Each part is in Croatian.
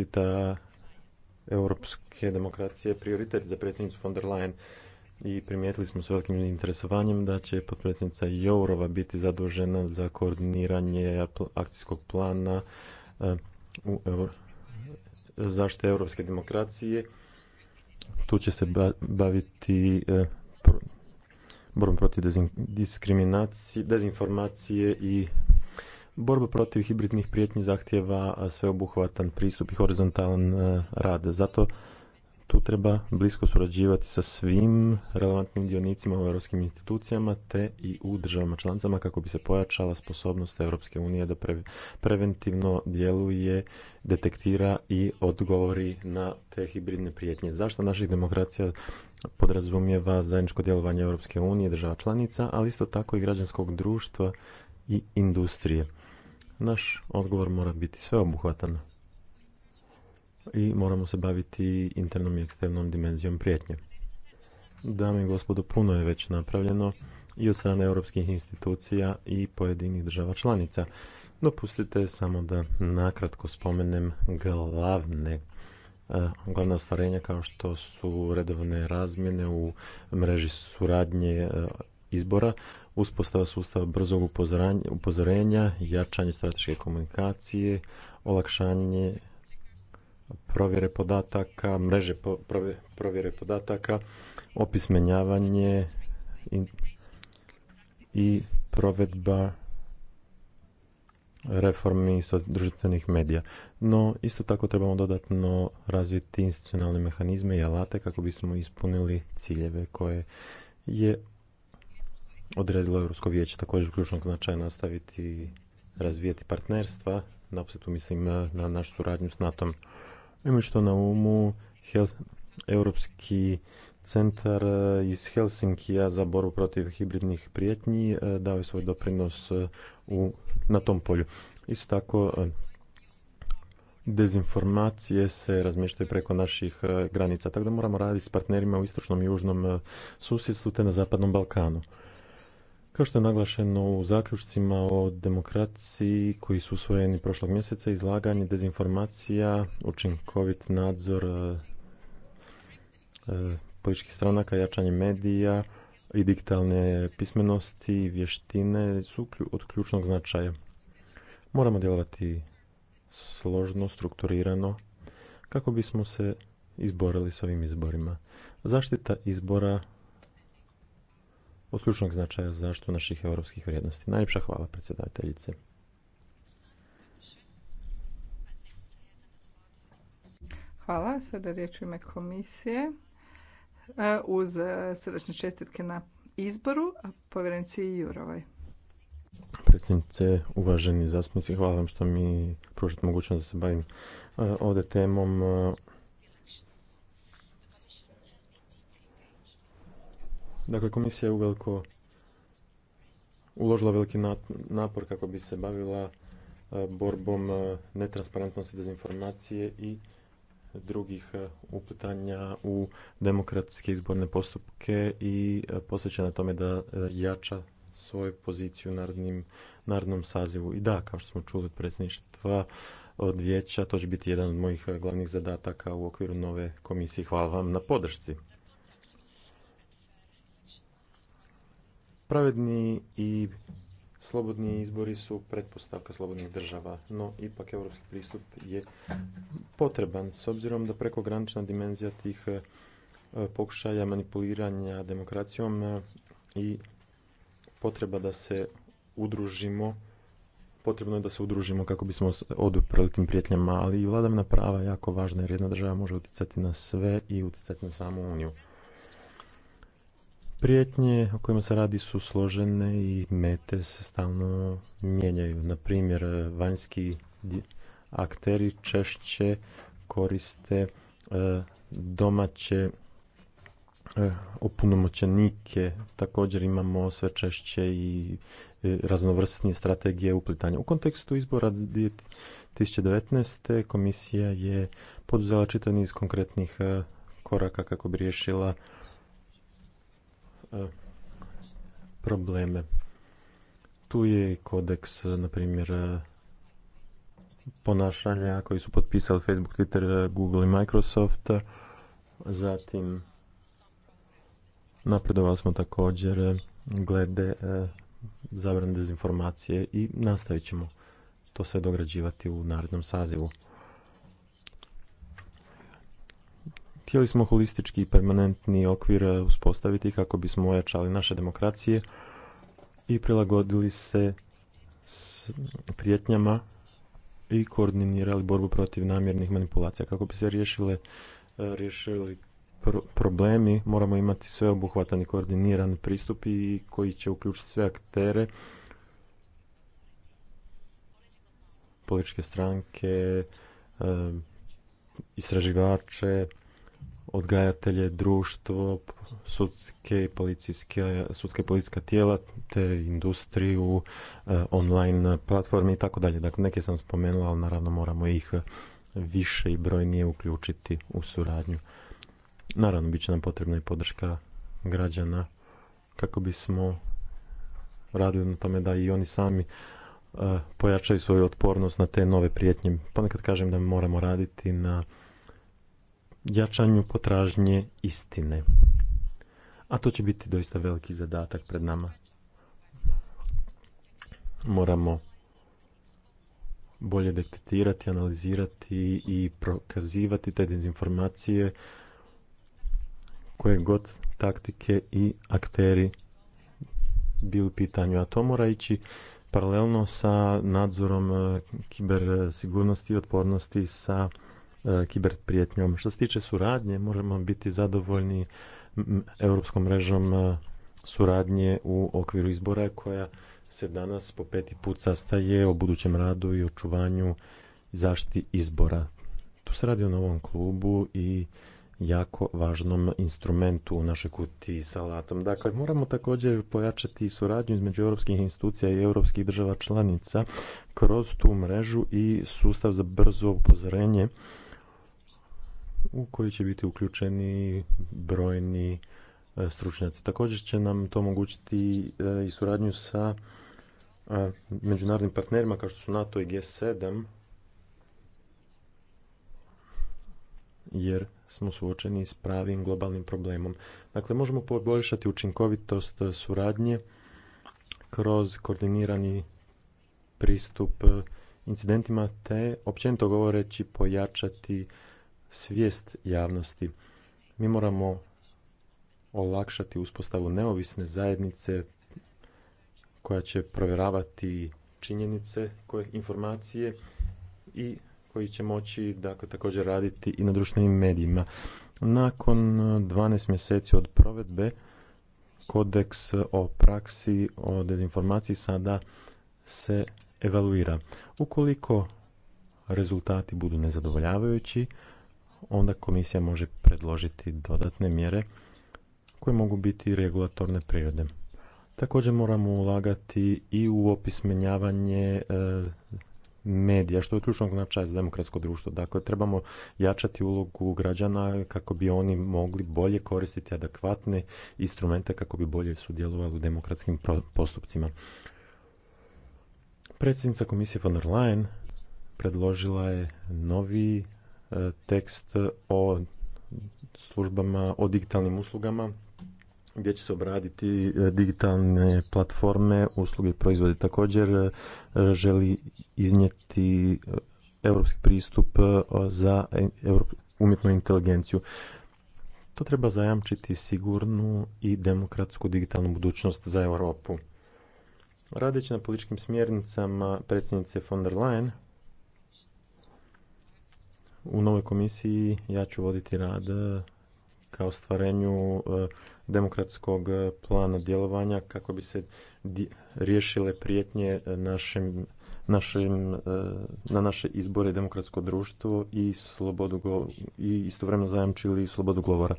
zaštita europske demokracije prioritet za predsjednicu von der Leyen i primijetili smo s velikim interesovanjem da će potpredsjednica Jourova biti zadužena za koordiniranje akcijskog plana eh, u zaštite europske demokracije. Tu će se baviti eh, borbom protiv diskriminacije, dezinformacije i Borba protiv hibridnih prijetnji zahtjeva sveobuhvatan pristup i horizontalan e, rad. Zato tu treba blisko surađivati sa svim relevantnim dionicima u europskim institucijama te i u državama članicama kako bi se pojačala sposobnost Europske unije da preventivno djeluje, detektira i odgovori na te hibridne prijetnje. Zašto naših demokracija podrazumijeva zajedničko djelovanje Europske unije, država članica, ali isto tako i građanskog društva i industrije naš odgovor mora biti sveobuhvatan i moramo se baviti internom i eksternom dimenzijom prijetnje. Dame i gospodo, puno je već napravljeno i od strane europskih institucija i pojedinih država članica. Dopustite samo da nakratko spomenem glavne eh, glavna ostvarenja kao što su redovne razmjene u mreži suradnje eh, izbora, uspostava sustava brzog upozorenja, jačanje strateške komunikacije, olakšanje provjere podataka, mreže provjere podataka, opismenjavanje i provedba reformi društvenih medija. No, isto tako trebamo dodatno razviti institucionalne mehanizme i alate kako bismo ispunili ciljeve koje je odredilo Europsko vijeće također ključnog značaja nastaviti razvijati partnerstva, na tu mislim eh, na našu suradnju s NATO-om. Imajući što na umu, Europski centar eh, iz Helsinkija za borbu protiv hibridnih prijetnji eh, dao je svoj doprinos u, na tom polju. Isto tako, dezinformacije se razmještaju preko naših granica, tako da moramo raditi s partnerima u istočnom i južnom susjedstvu te na zapadnom Balkanu. Kao što je naglašeno u zaključcima o demokraciji koji su usvojeni prošlog mjeseca, izlaganje dezinformacija, učinkovit nadzor e, e, političkih stranaka, jačanje medija i digitalne pismenosti i vještine su od ključnog značaja. Moramo djelovati složno, strukturirano kako bismo se izborili s ovim izborima. Zaštita izbora od ključnog značaja za zaštitu naših europskih vrijednosti. Najljepša hvala predsjedateljice. Hvala. Sada riječ ime komisije e, uz e, srdečne čestitke na izboru povjerenici Jurovoj. Predsjednice, uvaženi zastupnici, hvala vam što mi pružate mogućnost da se bavim e, ovdje temom Dakle, komisija je uveliko uložila veliki napor kako bi se bavila e, borbom e, netransparentnosti, dezinformacije i drugih e, uplitanja u demokratske izborne postupke i posvećena tome da jača svoju poziciju u narodnom sazivu. I da, kao što smo čuli od predsjedništva, od vijeća, to će biti jedan od mojih glavnih zadataka u okviru nove komisije. Hvala vam na podršci. Pravedni i slobodni izbori su pretpostavka slobodnih država, no ipak europski pristup je potreban s obzirom da prekogranična dimenzija tih e, pokušaja manipuliranja demokracijom e, i potreba da se udružimo potrebno je da se udružimo kako bismo oduprli tim prijetnjama ali i vladavina prava je jako važna jer jedna država može utjecati na sve i utjecati na samu uniju Prijetnje o kojima se radi su složene i mete se stalno mijenjaju. Na primjer, vanjski akteri češće koriste e, domaće e, opunomoćenike. Također imamo sve češće i e, raznovrsnije strategije uplitanja. U kontekstu izbora 2019. komisija je poduzela čitav niz konkretnih koraka kako bi riješila probleme. Tu je i kodeks, na primjer, ponašanja koji su potpisali Facebook, Twitter, Google i Microsoft. Zatim napredovali smo također glede zabrane dezinformacije i nastavit ćemo to sve dograđivati u narednom sazivu. Htjeli smo holistički i permanentni okvir eh, uspostaviti kako bismo ojačali naše demokracije i prilagodili se s prijetnjama i koordinirali borbu protiv namjernih manipulacija. Kako bi se riješile, eh, riješili problemi, moramo imati sveobuhvatan i koordiniran pristup i koji će uključiti sve aktere, političke stranke, eh, istraživače, odgajatelje, društvo, sudske i policijske, sudske policijska tijela, te industriju, e, online platforme i tako dalje. Dakle, neke sam spomenula, ali naravno moramo ih više i brojnije uključiti u suradnju. Naravno, bit će nam potrebna i podrška građana kako bismo radili na tome da i oni sami e, pojačaju svoju otpornost na te nove prijetnje. Ponekad kažem da moramo raditi na jačanju potražnje istine. A to će biti doista veliki zadatak pred nama. Moramo bolje detektirati, analizirati i prokazivati te dezinformacije koje god taktike i akteri bili u pitanju. A to mora ići paralelno sa nadzorom eh, kibersigurnosti eh, i otpornosti sa E, kiber prijetnjom. Što se tiče suradnje, možemo biti zadovoljni europskom mrežom e, suradnje u okviru izbora koja se danas po peti put sastaje o budućem radu i očuvanju zaštiti izbora. Tu se radi o novom klubu i jako važnom instrumentu u našoj kutiji sa alatom. Dakle, moramo također pojačati suradnju između europskih institucija i europskih država članica kroz tu mrežu i sustav za brzo upozorenje u koji će biti uključeni brojni e, stručnjaci. Također će nam to omogućiti e, i suradnju sa e, međunarodnim partnerima kao što su NATO i G7 jer smo suočeni s pravim globalnim problemom. Dakle, možemo poboljšati učinkovitost suradnje kroz koordinirani pristup incidentima te općenito govoreći pojačati svijest javnosti. Mi moramo olakšati uspostavu neovisne zajednice koja će provjeravati činjenice, koje informacije i koji će moći dakle, također raditi i na društvenim medijima. Nakon 12 e, mjeseci od provedbe, kodeks o praksi o dezinformaciji sada se evaluira. Ukoliko rezultati budu nezadovoljavajući, onda komisija može predložiti dodatne mjere koje mogu biti regulatorne prirode. Također moramo ulagati i u opismenjavanje e, medija, što je ključnog značaja za demokratsko društvo. Dakle, trebamo jačati ulogu građana kako bi oni mogli bolje koristiti adekvatne instrumente kako bi bolje sudjelovali u demokratskim postupcima. Predsjednica komisije von der Leyen predložila je novi tekst o službama, o digitalnim uslugama gdje će se obraditi e, digitalne platforme, usluge i proizvode. Također e, želi iznijeti e, europski pristup za umjetnu inteligenciju. To treba zajamčiti sigurnu i demokratsku digitalnu budućnost za Europu. Radeći na političkim smjernicama predsjednice von der Leyen, u novoj komisiji ja ću voditi rad e, ka ostvarenju e, demokratskog e, plana djelovanja kako bi se riješile prijetnje našem, našem, na naše izbore demokratsko društvo i, slobodu, i istovremeno zajamčili slobodu govora.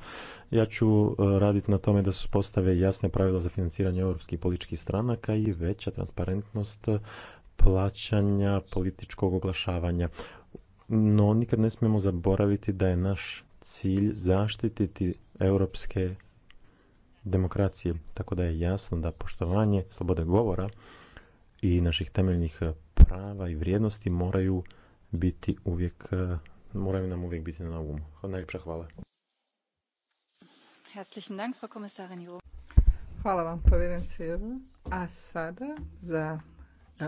Ja ću raditi na tome da se postave jasne pravila za financiranje europskih političkih stranaka i veća transparentnost plaćanja političkog oglašavanja no nikad ne smijemo zaboraviti da je naš cilj zaštititi europske demokracije. Tako da je jasno da poštovanje slobode govora i naših temeljnih prava i vrijednosti moraju biti uvijek moraju nam uvijek biti na umu. Najljepša hvala. Hvala vam povjerenici. A sada za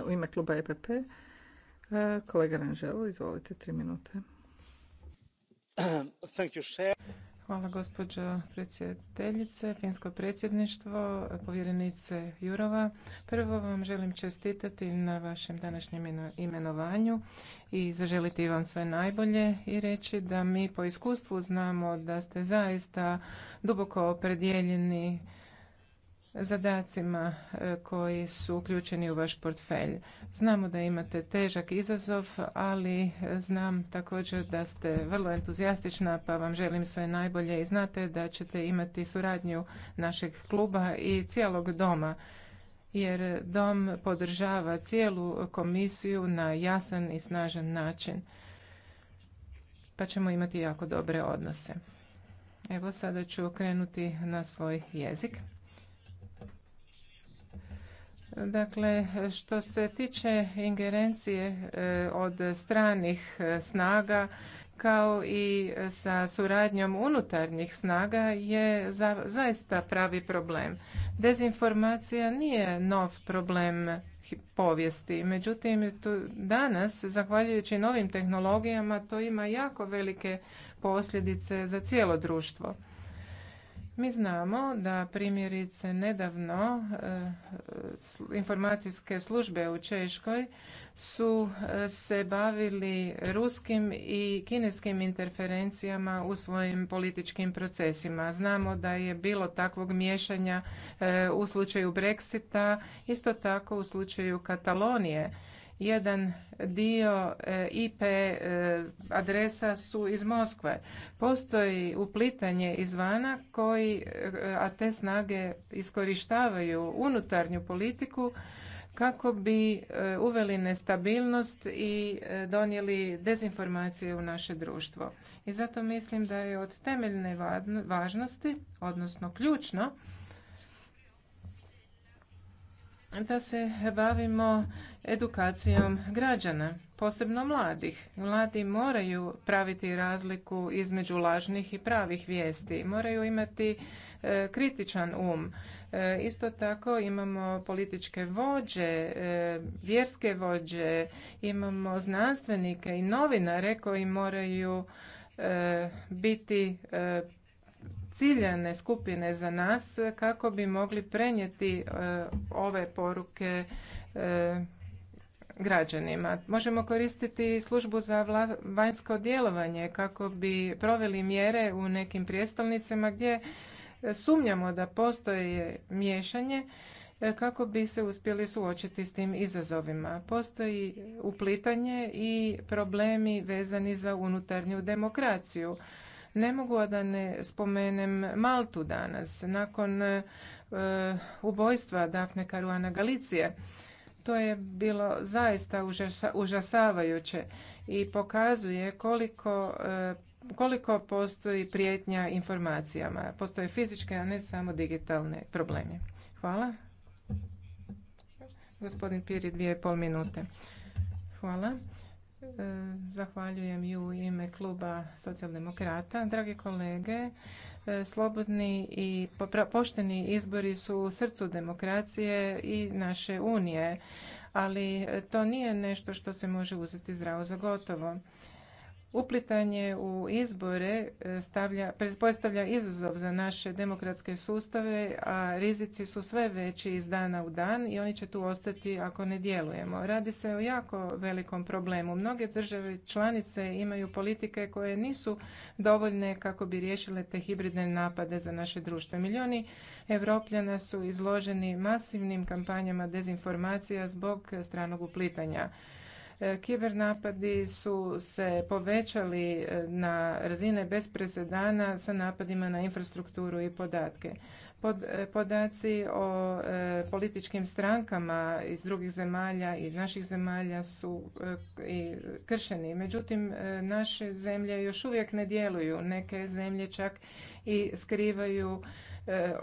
u ime kluba EPP E, kolega Ranžel, izvolite, tri minute. Hvala gospođo predsjedateljice, finsko predsjedništvo, povjerenice Jurova. Prvo vam želim čestitati na vašem današnjem imenovanju i zaželiti vam sve najbolje i reći da mi po iskustvu znamo da ste zaista duboko opredjeljeni zadacima e, koji su uključeni u vaš portfelj. Znamo da imate težak izazov, ali e, znam također da ste vrlo entuzijastična, pa vam želim sve najbolje i znate da ćete imati suradnju našeg kluba i cijelog doma jer dom podržava cijelu komisiju na jasan i snažan način. Pa ćemo imati jako dobre odnose. Evo sada ću krenuti na svoj jezik. Dakle, što se tiče ingerencije e, od stranih e, snaga, kao i sa suradnjom unutarnjih snaga je zaista pravi problem. Dezinformacija nije nov problem povijesti. Međutim, tu danas, zahvaljujući novim tehnologijama, to ima jako velike posljedice za cijelo društvo. Mi znamo da primjerice nedavno eh, informacijske službe u Češkoj su eh, se bavili ruskim i kineskim interferencijama u svojim političkim procesima. Znamo da je bilo takvog miješanja eh, u slučaju Brexita, isto tako u slučaju Katalonije jedan dio e, IP e, adresa su iz Moskve. Postoji uplitanje izvana koji, e, a te snage iskorištavaju unutarnju politiku kako bi uveli nestabilnost i donijeli dezinformacije u naše društvo. I zato mislim da je od temeljne važnosti, odnosno ključno, da se bavimo edukacijom građana, posebno mladih. Mladi moraju praviti razliku između lažnih i pravih vijesti, moraju imati e, kritičan um. E, isto tako imamo političke vođe, e, vjerske vođe, imamo znanstvenike i novinare koji moraju biti ciljane skupine za nas kako bi mogli prenijeti ove poruke građanima. Možemo koristiti službu za vanjsko djelovanje kako bi proveli mjere u nekim prijestolnicama gdje sumnjamo da postoje miješanje e, kako bi se uspjeli suočiti s tim izazovima. Postoji uplitanje i problemi vezani za unutarnju demokraciju. Ne mogu da ne spomenem Maltu danas, nakon e, ubojstva Dafne Karuana Galicije. To je bilo zaista užasavajuće i pokazuje koliko e, koliko postoji prijetnja informacijama. Postoje fizičke, a ne samo digitalne probleme. Hvala. Gospodin Piri, dvije i pol minute. Hvala. E, zahvaljujem i u ime kluba socijaldemokrata. Drage kolege, E, slobodni i pošteni izbori su u srcu demokracije i naše unije ali to nije nešto što se može uzeti zdravo za gotovo Uplitanje u izbore e, stavlja, predpostavlja izazov za naše demokratske sustave, a rizici su sve veći iz dana u dan i oni će tu ostati ako ne djelujemo. Radi se o jako velikom problemu. Mnoge države članice imaju politike koje nisu dovoljne kako bi riješile te hibridne napade za naše društvo. Milioni Evropljana su izloženi masivnim kampanjama dezinformacija zbog stranog uplitanja. E, kibernapadi su se povećali e, na razine bez presedana sa napadima na infrastrukturu i podatke. E, podaci o političkim strankama iz drugih zemalja i naših zemalja su i kršeni. Međutim, naše zemlje još uvijek ne djeluju. Neke zemlje čak i skrivaju E,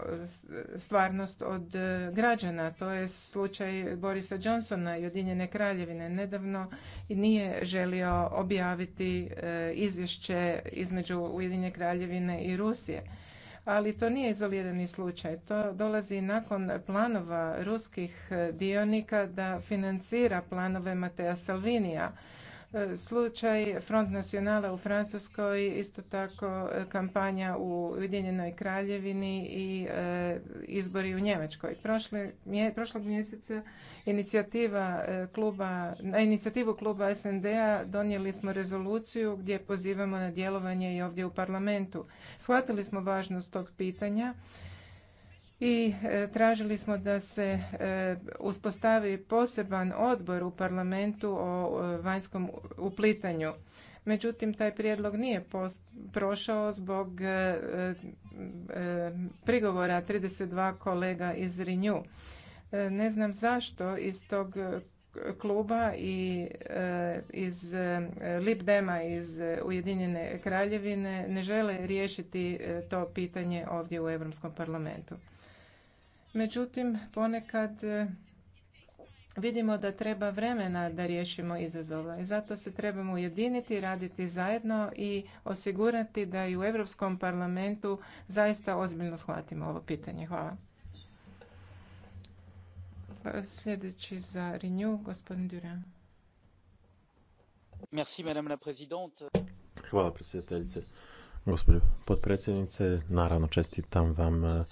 stvarnost od e, građana. To je slučaj Borisa Johnsona i Ujedinjene kraljevine. Nedavno i nije želio objaviti e, izvješće između Ujedinjene kraljevine i Rusije. Ali to nije izolirani slučaj. To dolazi nakon planova ruskih dionika da financira planove Matea Salvinija Slučaj Front Nacionala u Francuskoj, isto tako e, kampanja u Ujedinjenoj Kraljevini i e, izbori u Njemačkoj. prošlog mjeseca inicijativa e, kluba, na inicijativu kluba SND-a donijeli smo rezoluciju gdje pozivamo na djelovanje i ovdje u parlamentu. Shvatili smo važnost tog pitanja i e, tražili smo da se e, uspostavi poseban odbor u parlamentu o e, vanjskom uplitanju. Međutim, taj prijedlog nije prošao zbog prigovora prigovora 32 kolega iz RINJU. ne znam zašto iz tog kluba i iz Libdema iz Ujedinjene kraljevine ne žele riješiti to pitanje ovdje u Europskom parlamentu. Međutim, ponekad e, vidimo da treba vremena da riješimo izazova i zato se trebamo ujediniti, raditi zajedno i osigurati da i u Europskom parlamentu zaista ozbiljno shvatimo ovo pitanje. Hvala. Pa sljedeći za Renew, gospodin Duran. Merci, madame la présidente. Hvala, predsjedateljice. Gospođo potpredsjednice, naravno čestitam vam e,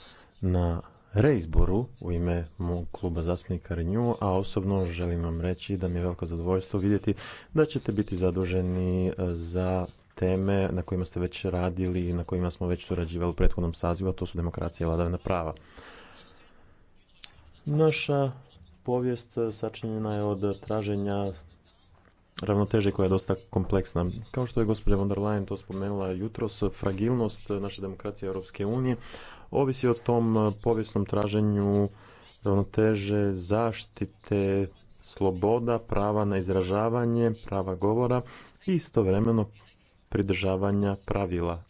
na reizboru u ime mog kluba zastupnika Renew, a osobno želim vam reći da mi je veliko zadovoljstvo vidjeti da ćete biti zaduženi e, za teme na kojima ste već radili i na kojima smo već surađivali u prethodnom sazivu, a to su demokracija i vladavina prava. Naša povijest sačinjena je od traženja ravnoteže koja je dosta kompleksna. Kao što je gospođa von der Leyen to spomenula jutros, fragilnost naše demokracije Europske unije ovisi o tom povijesnom traženju ravnoteže zaštite sloboda, prava na izražavanje, prava govora i istovremeno pridržavanja pravila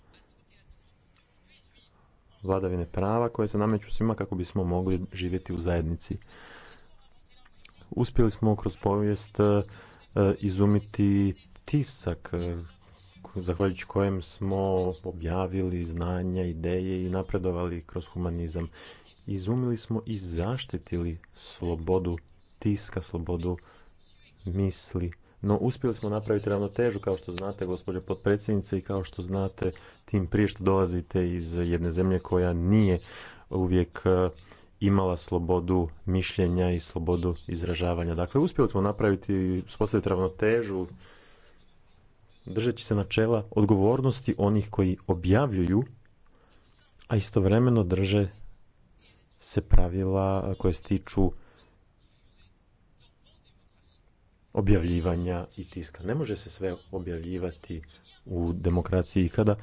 vladavine prava koje se nameću svima kako bismo mogli živjeti u zajednici. Uspjeli smo kroz povijest E, izumiti tisak e, zahvaljujući kojem smo objavili znanja, ideje i napredovali kroz humanizam. Izumili smo i zaštitili slobodu tiska, slobodu misli. No, uspjeli smo napraviti ravnotežu, kao što znate, gospođo potpredsjednice, i kao što znate, tim prije što dolazite iz jedne zemlje koja nije uvijek e, imala slobodu mišljenja i slobodu izražavanja. Dakle, uspjeli smo napraviti, uspostaviti ravnotežu držeći se načela odgovornosti onih koji objavljuju, a istovremeno drže se pravila koje se tiču objavljivanja i tiska. Ne može se sve objavljivati u demokraciji. Kada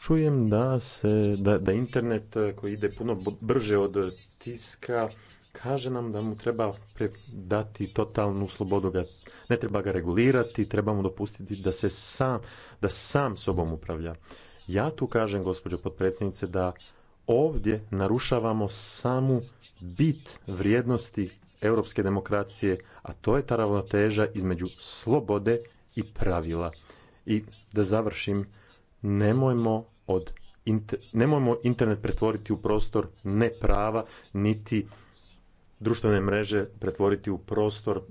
čujem da, se, da, da internet koji ide puno brže od pritiska kaže nam da mu treba dati totalnu slobodu ga ne treba ga regulirati trebamo dopustiti da se sam da sam sobom upravlja ja tu kažem gospođo potpredsjednice da ovdje narušavamo samu bit vrijednosti europske demokracije a to je ta ravnoteža između slobode i pravila i da završim nemojmo od nemojmo internet pretvoriti u prostor neprava, niti društvene mreže pretvoriti u prostor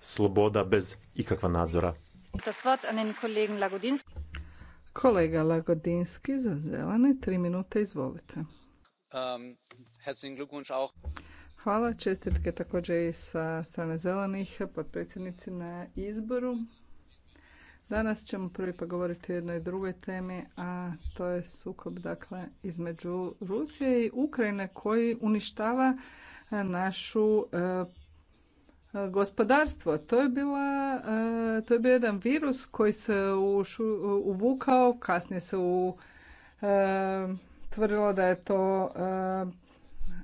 sloboda bez ikakva nadzora. Kolega Lagodinski za zelene, tri minute, izvolite. Um, Hvala, čestitke također i sa strane zelenih potpredsjednici na izboru. Danas ćemo prvi pa govoriti o jednoj drugoj temi, a to je sukob dakle, između Rusije i Ukrajine koji uništava e, našu e, gospodarstvo. To je, bila, e, to je bio jedan virus koji se uvukao, kasnije se u, tvrdilo da je to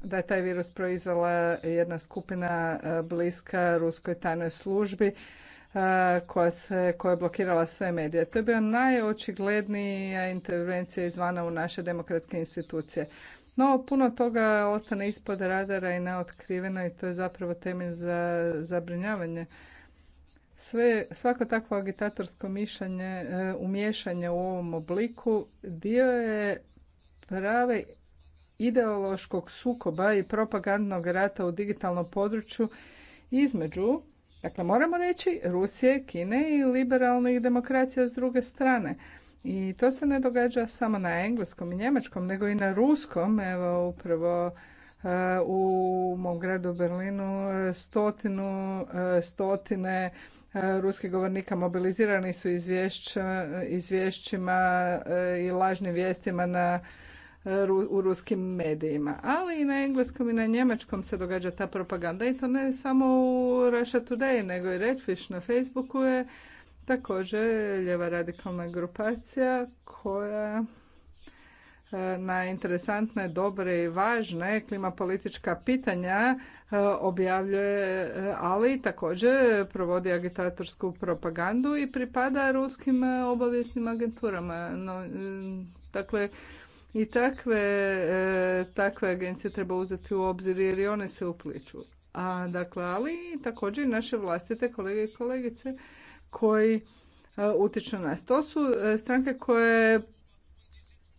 da je taj virus proizvela jedna skupina bliska ruskoj tajnoj službi koja, se, koja je blokirala sve medije. To je bio najočiglednija intervencija izvana u naše demokratske institucije. No, puno toga ostane ispod radara i neotkriveno i to je zapravo temelj za zabrinjavanje. Sve, svako takvo agitatorsko mišanje, e, umješanje u ovom obliku dio je prave ideološkog sukoba i propagandnog rata u digitalnom području između Dakle, moramo reći Rusije, Kine i liberalnih demokracija s druge strane. I to se ne događa samo na engleskom i njemačkom, nego i na ruskom. Evo, upravo eh, u mom gradu Berlinu eh, stotinu, eh, stotine ruskih govornika mobilizirani su izvješćima i lažnim vijestima na u ruskim medijima. Ali i na engleskom i na njemačkom se događa ta propaganda i to ne samo u Russia Today, nego i Redfish na Facebooku je također ljeva radikalna grupacija koja e, na interesantne, dobre i važne klimapolitička pitanja e, objavljuje, e, ali također provodi agitatorsku propagandu i pripada ruskim obavijesnim agenturama. No, dakle, i takve, e, takve agencije treba uzeti u obzir jer i one se upliču. A, dakle, ali također i naše vlastite kolege i kolegice koji e, utiču na nas. To su e, stranke koje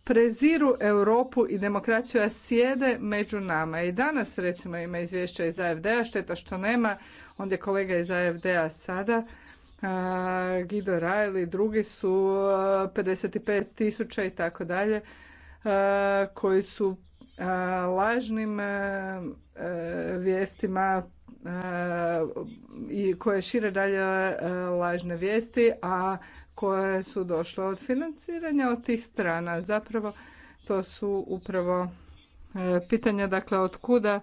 preziru Europu i demokraciju, a sjede među nama. I danas, recimo, ima izvješća iz AFD-a, šteta što nema, onda je kolega iz AFD-a sada, Guido Rajl i drugi su 55 tisuća i tako dalje. E, koji su e, lažnim e, vijestima i koje šire dalje lažne vijesti, a koje su došle od financiranja od tih strana. Zapravo to su upravo pitanja dakle od kuda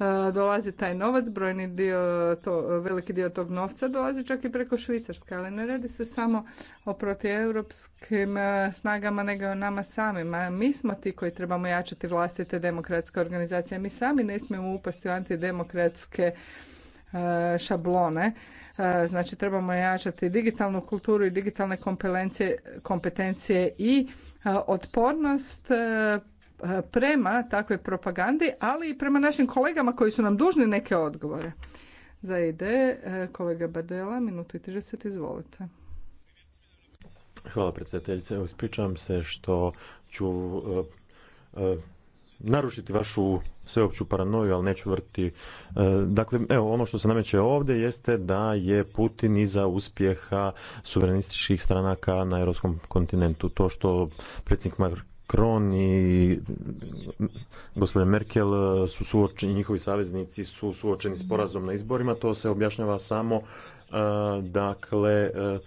E, dolazi taj novac, brojni dio, to, veliki dio tog novca dolazi čak i preko Švicarske, ali ne radi se samo o protieuropskim e, snagama, nego o nama samima. Mi smo ti koji trebamo jačati vlastite demokratske organizacije. Mi sami ne smijemo upasti u antidemokratske e, šablone. Znači trebamo jačati digitalnu kulturu i digitalne kompetencije i otpornost prema takvoj propagandi, ali i prema našim kolegama koji su nam dužni neke odgovore. Za ideje, kolega Bardela, minutu i 30, izvolite. Hvala predsjedateljice. Ispričavam se što ću e, e, narušiti vašu sveopću paranoju, ali neću vrti. E, dakle, evo, ono što se nameće ovdje jeste da je Putin iza uspjeha suverenističkih stranaka na europskom kontinentu. To što predsjednik Kron i mm, gospođa Merkel e, su suočeni, njihovi saveznici su suočeni s porazom na izborima, to se objašnjava samo e, dakle e,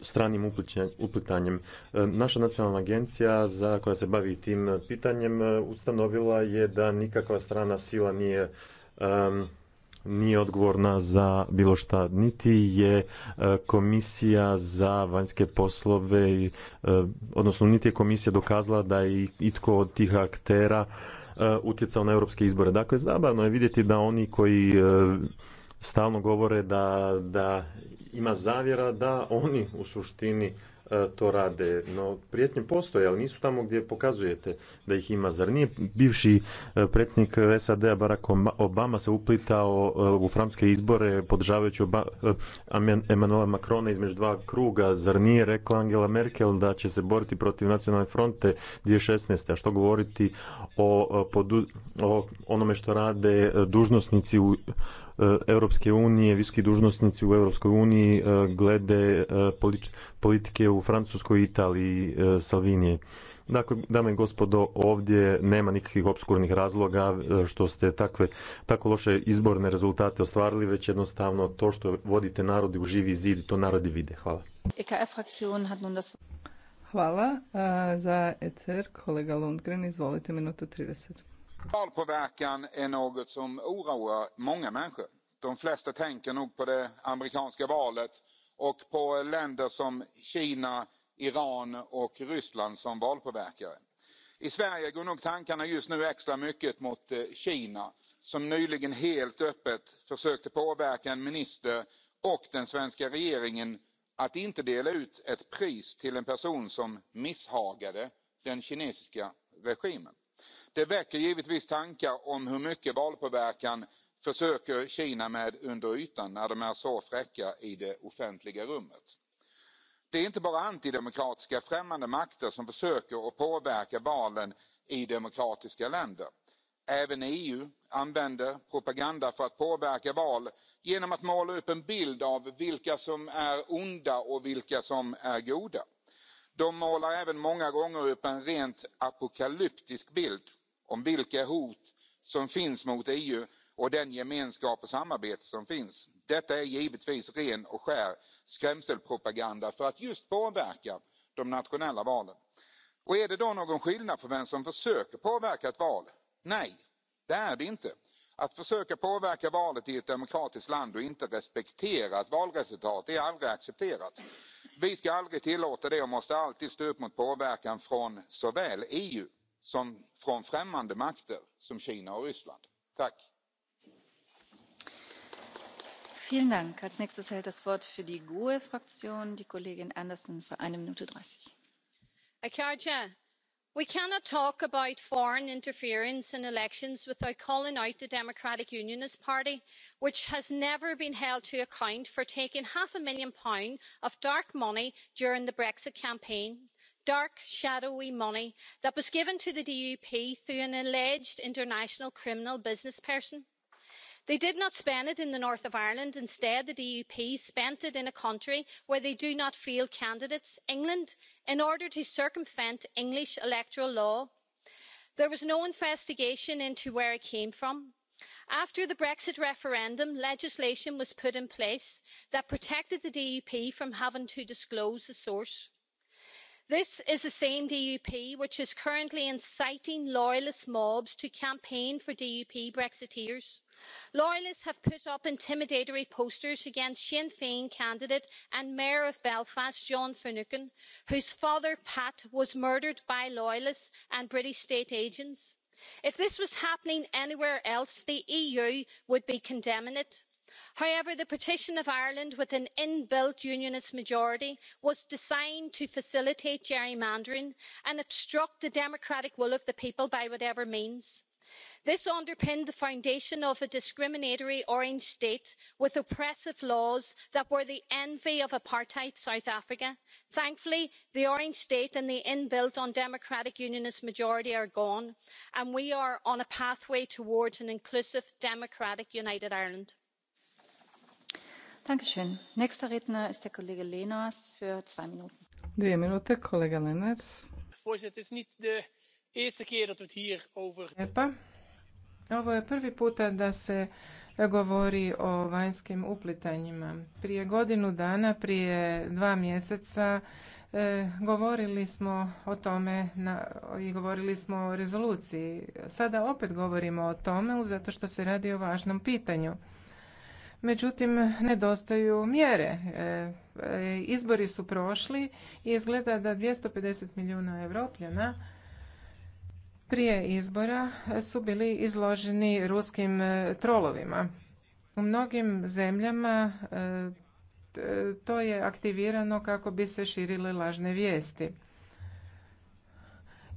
stranim uplitanjem. Naša nacionalna agencija za koja se bavi tim pitanjem ustanovila je da nikakva strana sila nije nije odgovorna za bilo šta, niti je e, komisija za vanjske poslove, e, odnosno niti je komisija dokazala da je itko od tih aktera e, utjecao na europske izbore. Dakle, zabavno je vidjeti da oni koji stalno govore da, da ima zavjera, da oni u suštini E, to rade. No, prijetnje postoje, ali nisu tamo gdje pokazujete da ih ima. Zar nije bivši e, predsjednik SAD-a Barack Obama se uplitao e, u francuske izbore podržavajući Emanuela Macrona između dva kruga? Zar nije rekla Angela Merkel da će se boriti protiv nacionalne fronte 2016. A što govoriti o, o onome što rade dužnosnici u E, Europske unije, visoki dužnosnici u Europskoj uniji e, glede e, politike u Francuskoj, Italiji, Salvinije. Dakle, dame i gospodo, ovdje nema nikakvih obskurnih razloga što ste takve, tako loše izborne rezultate ostvarili, već jednostavno to što vodite narodi u živi zid, to narodi vide. Hvala. Hvala. Za ECR kolega Lundgren, izvolite minutu 30. Valpåverkan är något som oroar många människor. De flesta tänker nog på det amerikanska valet och på länder som Kina, Iran och Ryssland som valpåverkare. I Sverige går nog tankarna just nu extra mycket mot eh, Kina som nyligen helt öppet försökte påverka en minister och den svenska regeringen att inte dela ut ett pris till en person som misshagade den kinesiska regimen det väcker givetvis tankar om hur mycket valpåverkan kina försöker med under ytan när de är så fräcka i det offentliga rummet. det är inte bara antidemokratiska främmande makter som försöker påverka valen i demokratiska länder. även eu använder propaganda för att påverka val genom att måla upp en bild av vilka som är onda och vilka som är goda. de målar även många gånger upp en rent apokalyptisk bild om vilka hot som finns mot eu och den gemenskap och det samarbete som finns. detta är givetvis ren och skär skrämselpropaganda för att just påverka de nationella valen. Och är det då någon skillnad på vem som försöker påverka ett val? nej det är det inte. att försöka påverka valet i ett demokratiskt land och inte respektera ett valresultat är aldrig accepterat. vi ska aldrig tillåta det och måste alltid stå upp mot påverkan från såväl eu från främmande makter som kina och ryssland. we cannot talk about foreign interference in elections without calling out the democratic unionist party which has never been held to account for taking half a million pounds of dark money during the brexit campaign dark shadowy money that was given to the dup through an alleged international criminal business person. they did not spend it in the north of ireland instead the dup spent it in a country where they do not field candidates england in order to circumvent english electoral law. there was no investigation into where it came from. after the brexit referendum legislation was put in place that protected the dup from having to disclose the source this is the same dup which is currently inciting loyalist mobs to campaign for dup brexiteers. loyalists have put up intimidatory posters against sinn fin candidate and mayor of belfast john finucane whose father pat was murdered by loyalists and british state agents. if this was happening anywhere else the eu would be condemning it however the partition of ireland with an inbuilt unionist majority was designed to facilitate gerrymandering and obstruct the democratic will of the people by whatever means. this underpinned the foundation of a discriminatory orange state with oppressive laws that were the envy of apartheid south africa. thankfully the orange state and the inbuilt undemocratic unionist majority are gone and we are on a pathway towards an inclusive democratic united ireland. Dvije minute, kolega Ovo je prvi puta da se govori o vanjskim uplitanjima. Prije godinu dana, prije dva mjeseca eh, govorili smo o tome i govorili smo o rezoluciji. Sada opet govorimo o tome zato što se radi o važnom pitanju međutim nedostaju mjere. E, e, izbori su prošli i izgleda da 250 milijuna evropljana prije izbora su bili izloženi ruskim e, trolovima. U mnogim zemljama to je aktivirano kako bi se širile lažne vijesti.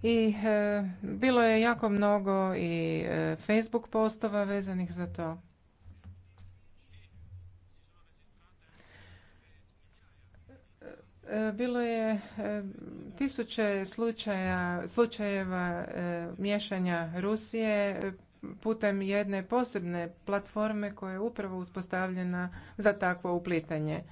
I bilo je jako mnogo i Facebook postova vezanih za to. E, bilo je e, tisuće slučaja, slučajeva e, miješanja Rusije putem jedne posebne platforme koja je upravo uspostavljena za takvo uplitanje.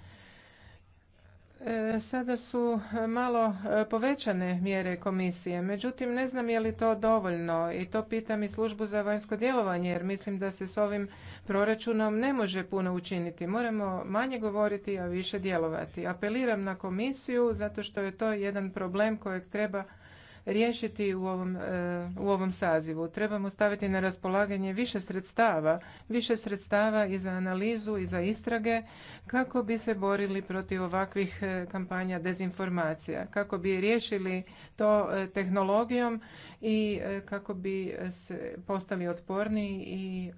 E, sada su e, malo e, povećane mjere komisije, međutim ne znam je li to dovoljno i to pitam i službu za vanjsko djelovanje jer mislim da se s ovim proračunom ne može puno učiniti. Moramo manje govoriti, a više djelovati. Apeliram na komisiju zato što je to jedan problem kojeg treba riješiti u ovom, e, u ovom sazivu. Trebamo staviti na raspolaganje više sredstava, više sredstava i za analizu i za istrage kako bi se borili protiv ovakvih e, kampanja dezinformacija, kako bi riješili to e, tehnologijom i kako bi postali otporniji i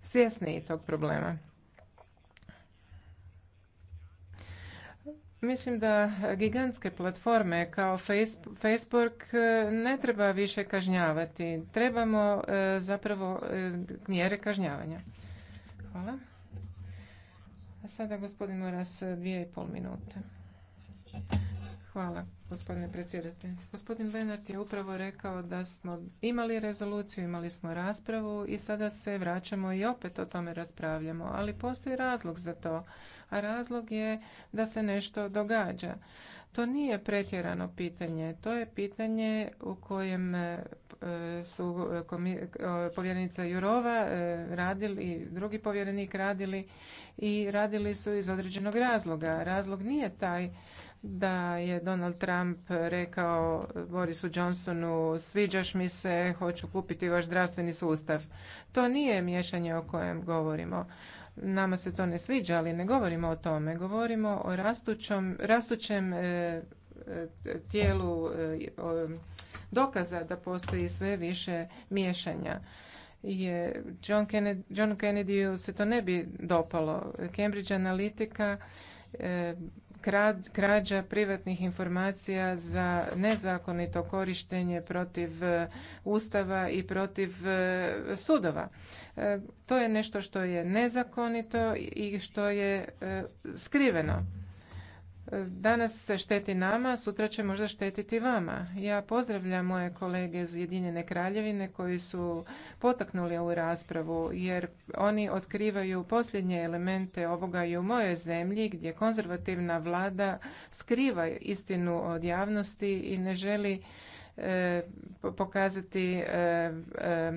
svjesniji tog problema. Mislim da gigantske platforme kao Facebook e, ne treba više kažnjavati. Trebamo e, zapravo e, mjere kažnjavanja. Hvala. A sada gospodin Moras dvije i pol minute. Hvala, gospodine predsjedatelj. Gospodin Lenart je upravo rekao da smo imali rezoluciju, imali smo raspravu i sada se vraćamo i opet o tome raspravljamo. Ali postoji razlog za to, a razlog je da se nešto događa. To nije pretjerano pitanje, to je pitanje u kojem e, su e, e, povjerenica Jurova radili i drugi povjerenik radili i radili su iz određenog razloga. Razlog nije taj da je Donald Trump rekao Borisu Johnsonu sviđaš mi se, hoću kupiti vaš zdravstveni sustav. To nije miješanje o kojem govorimo. Nama se to ne sviđa, ali ne govorimo o tome. Govorimo o rastućom, rastućem e, e, tijelu e, dokaza da postoji sve više miješanja je John Kennedy, John Kennedy se to ne bi dopalo. Cambridge Analytica e, krađa privatnih informacija za nezakonito korištenje protiv e, ustava i protiv e, sudova. E, to je nešto što je nezakonito i što je skriveno Danas se šteti nama, sutra će možda štetiti vama. Ja pozdravljam moje kolege iz Ujedinjene kraljevine koji su potaknuli ovu raspravu jer oni otkrivaju posljednje elemente ovoga i u mojoj zemlji gdje konzervativna vlada skriva istinu od javnosti i ne želi E, pokazati e, e,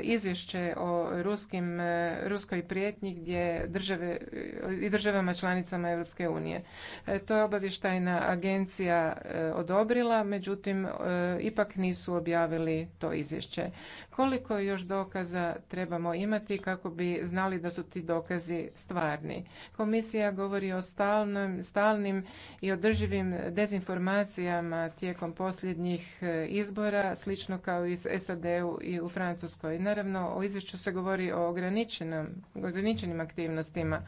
izvješće o ruskim, ruskoj prijetnji gdje države i državama članicama Europske unije. To je obavještajna agencija odobrila, međutim ipak nisu objavili to izvješće. Koliko još dokaza trebamo imati kako bi znali da su ti dokazi stvarni? Komisija govori o stalnim, stalnim i održivim dezinformacijama tijekom posljednjih izbora, slično kao i SAD-u i u Francuskoj. Naravno, o izvješću se govori o ograničenim aktivnostima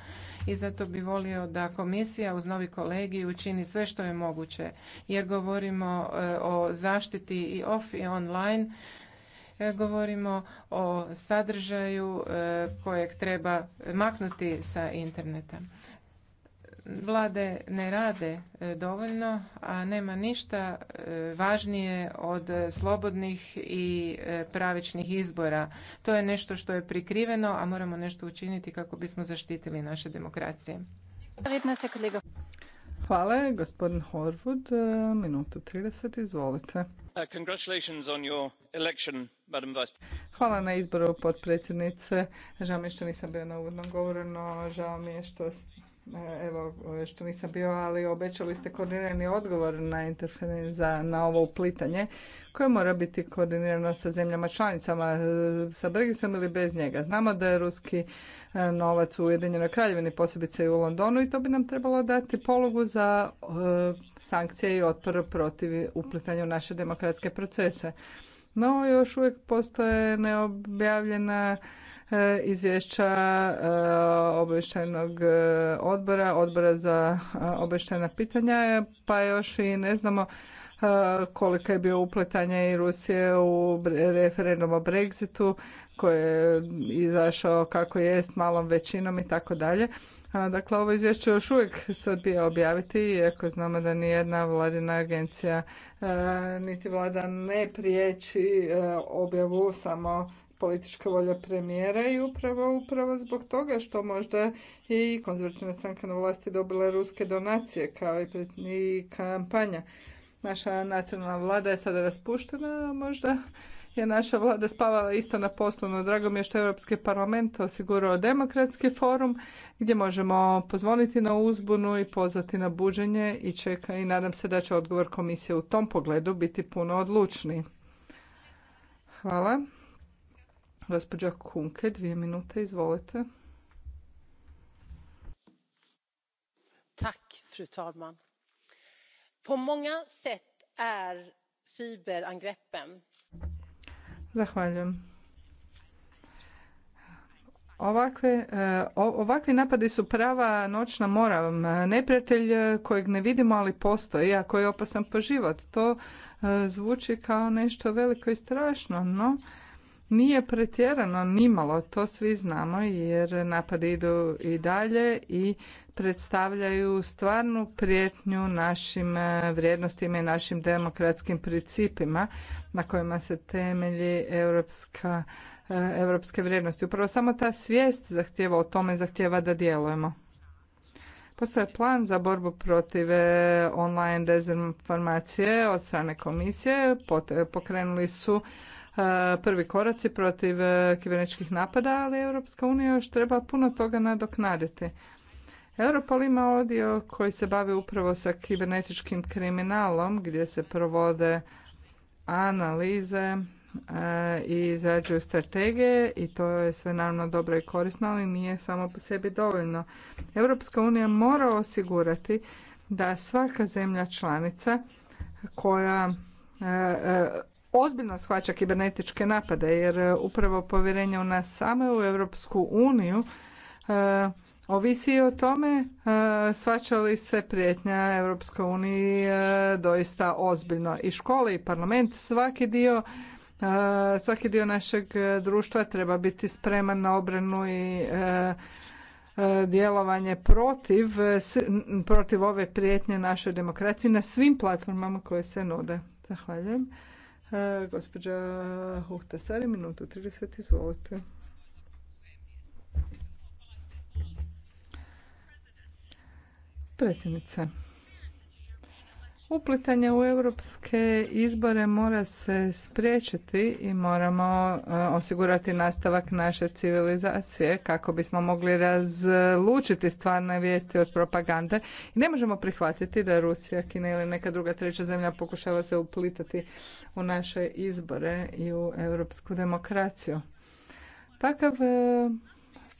i zato bi volio da komisija uz novi kolegij učini sve što je moguće, jer govorimo e, o zaštiti i off i online, e, govorimo o sadržaju e, kojeg treba maknuti sa interneta vlade ne rade e, dovoljno, a nema ništa e, važnije od slobodnih i e, pravičnih izbora. To je nešto što je prikriveno, a moramo nešto učiniti kako bismo zaštitili naše demokracije. Hvala, gospodin Horvud, minutu 30, izvolite. Uh, Hvala na izboru potpredsjednice. Žao mi je što nisam bio na uvodnom govoru, no žao mi je što E, evo, što nisam bio, ali obećali ste koordinirani odgovor na za, na ovo uplitanje koje mora biti koordinirano sa zemljama članicama, e, sa Brgisom ili bez njega. Znamo da je ruski e, novac u Ujedinjenoj kraljevini, posebice i u Londonu i to bi nam trebalo dati pologu za sankcije i otpor protiv uplitanja u naše demokratske procese. No, još uvijek postoje neobjavljena E, izvješća e, obavještajnog e, odbora, odbora za obještajna pitanja, pa još i ne znamo koliko je bio upletanje i Rusije u referendum o Brexitu koji je izašao kako jest malom većinom i tako dalje. Dakle, ovo izvješće još uvijek se odbija objaviti, iako znamo da nijedna vladina agencija niti vlada ne priječi objavu, samo politička volja premijera i upravo upravo zbog toga što možda i konzervativna stranka na vlasti dobila ruske donacije kao i kampanja. Naša nacionalna vlada je sada raspuštena, možda je naša vlada spavala isto na poslu, no drago mi je što je Europski parlament osigurao demokratski forum gdje možemo pozvoniti na uzbunu i pozvati na buđenje i čeka i nadam se da će odgovor komisije u tom pogledu biti puno odlučniji. Hvala. Gospođa Kunke, dvije minute, izvolite. Tak, fru talman. Po många sätt är cyberangreppen. Zahvaljujem. Ovakve, eh, ovakvi napadi su prava noćna mora. Neprijatelj eh, kojeg ne vidimo, ali postoji, a koji je opasan po život. To eh, zvuči kao nešto veliko i strašno, no nije pretjerano nimalo, to svi znamo jer napadi idu i dalje i predstavljaju stvarnu prijetnju našim e, vrijednostima i našim demokratskim principima na kojima se temelji europska, e, europske vrijednosti. Upravo samo ta svijest zahtjeva o tome, zahtjeva da djelujemo. Postoje plan za borbu protiv e, online dezinformacije od strane komisije. Pokrenuli su prvi koraci protiv e, kibernetičkih napada, ali Europska unija još treba puno toga nadoknaditi. Europol ima odio koji se bavi upravo sa kibernetičkim kriminalom gdje se provode analize e, i izrađuju strategije i to je sve naravno dobro i korisno, ali nije samo po sebi dovoljno. Europska unija mora osigurati da svaka zemlja članica koja e, ozbiljno shvaća kibernetičke napade jer e, upravo povjerenje u nas same u Europsku uniju e, ovisi i o tome e, shvaća li se prijetnja Europskoj uniji doista ozbiljno. I škole i parlament, svaki dio svaki dio našeg društva treba biti spreman na obranu i djelovanje protiv, protiv ove prijetnje našoj demokraciji na svim platformama koje se nude. Zahvaljujem. E, gospođa Huhtasari, minutu 30, izvolite. Predsjednice, Uplitanje u europske izbore mora se spriječiti i moramo e, osigurati nastavak naše civilizacije kako bismo mogli razlučiti stvarne vijesti od propagande. I ne možemo prihvatiti da Rusija, Kina ili neka druga treća zemlja pokušava se uplitati u naše izbore i u europsku demokraciju. Takav e,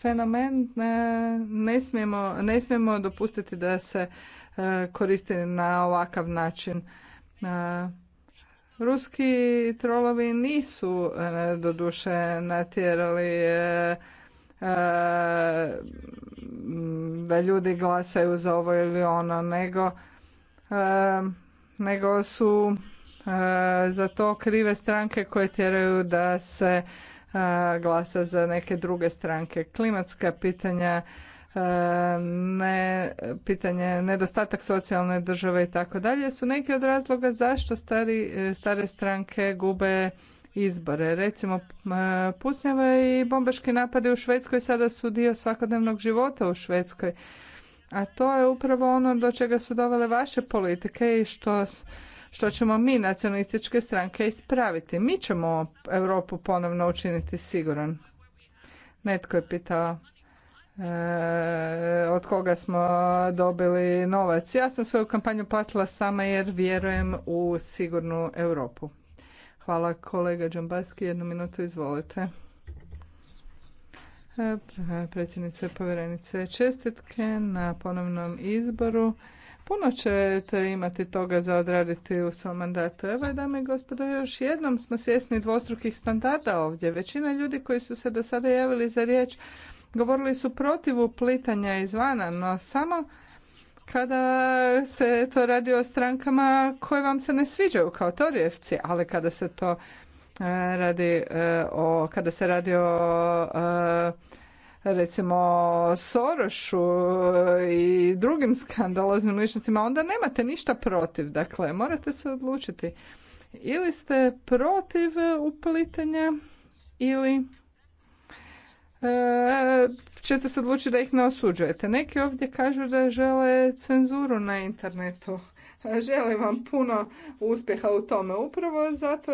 fenomen e, ne smijemo, ne smijemo dopustiti da se koristi na ovakav način. E, ruski trolovi nisu e, doduše natjerali e, da ljudi glasaju za ovo ili ono, nego, nego su za to krive stranke koje tjeraju da se glasa za neke druge stranke. Klimatska pitanja ne, pitanje nedostatak socijalne države i tako dalje su neki od razloga zašto stari, stare stranke gube izbore. Recimo e, pucnjave i bombaški napadi u Švedskoj sada su dio svakodnevnog života u Švedskoj. A to je upravo ono do čega su dovele vaše politike i što, što ćemo mi nacionalističke stranke ispraviti. Mi ćemo Europu ponovno učiniti siguran. Netko je pitao Eh, od koga smo dobili novac. Ja sam svoju kampanju platila sama jer vjerujem u sigurnu Europu. Hvala kolega Džambaski, jednu minutu izvolite. Eh, predsjednice povjerenice čestitke na ponovnom izboru. Puno ćete imati toga za odraditi u svom mandatu. Evo, dame i gospodo, još jednom smo svjesni dvostrukih standarda ovdje. Većina ljudi koji su se do sada javili za riječ govorili su protiv uplitanja izvana, no samo kada se to radi o strankama koje vam se ne sviđaju kao torijevci, ali kada se to e, radi e, o, kada se radi o e, recimo Sorošu i drugim skandaloznim ličnostima, onda nemate ništa protiv. Dakle, morate se odlučiti. Ili ste protiv uplitanja ili E, ćete se odlučiti da ih ne osuđujete. Neki ovdje kažu da žele cenzuru na internetu. Želim vam puno uspjeha u tome. Upravo zato,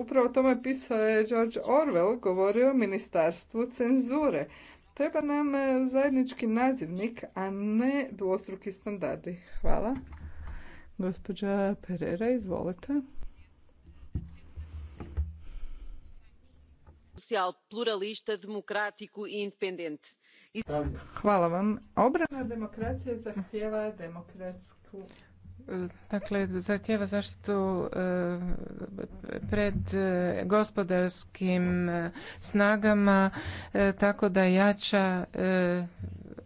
upravo tome pisao je George Orwell, govorio o ministarstvu cenzure. Treba nam e, zajednički nazivnik, a ne dvostruki standardi. Hvala. Gospođa Perera, izvolite. pluralista, demokratiku i independente. Hvala vam. Obrana demokracije zahtjeva demokratsku dakle zahtjeva zaštitu eh, pred eh, gospodarskim eh, snagama tako da jača